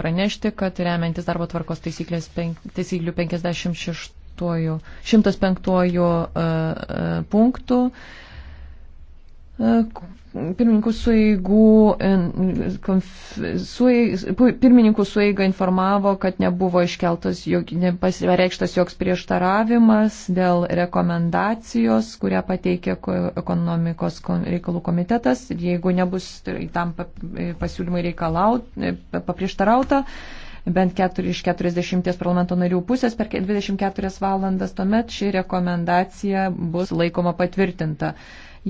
pranešti, kad remiantis darbo tvarkos taisyklių 56, 105 uh, uh, punktų E, pirmininkų sueigų, sueig, pirmininkų sueiga informavo, kad nebuvo iškeltas, jok, nepasireikštas joks prieštaravimas dėl rekomendacijos, kurią pateikė ekonomikos reikalų komitetas. Jeigu nebus tai tam e, pasiūlymai reikalaut, e, paprieštarauta, bent 4 iš 40 parlamento narių pusės per 24 valandas, tuomet ši rekomendacija bus laikoma patvirtinta.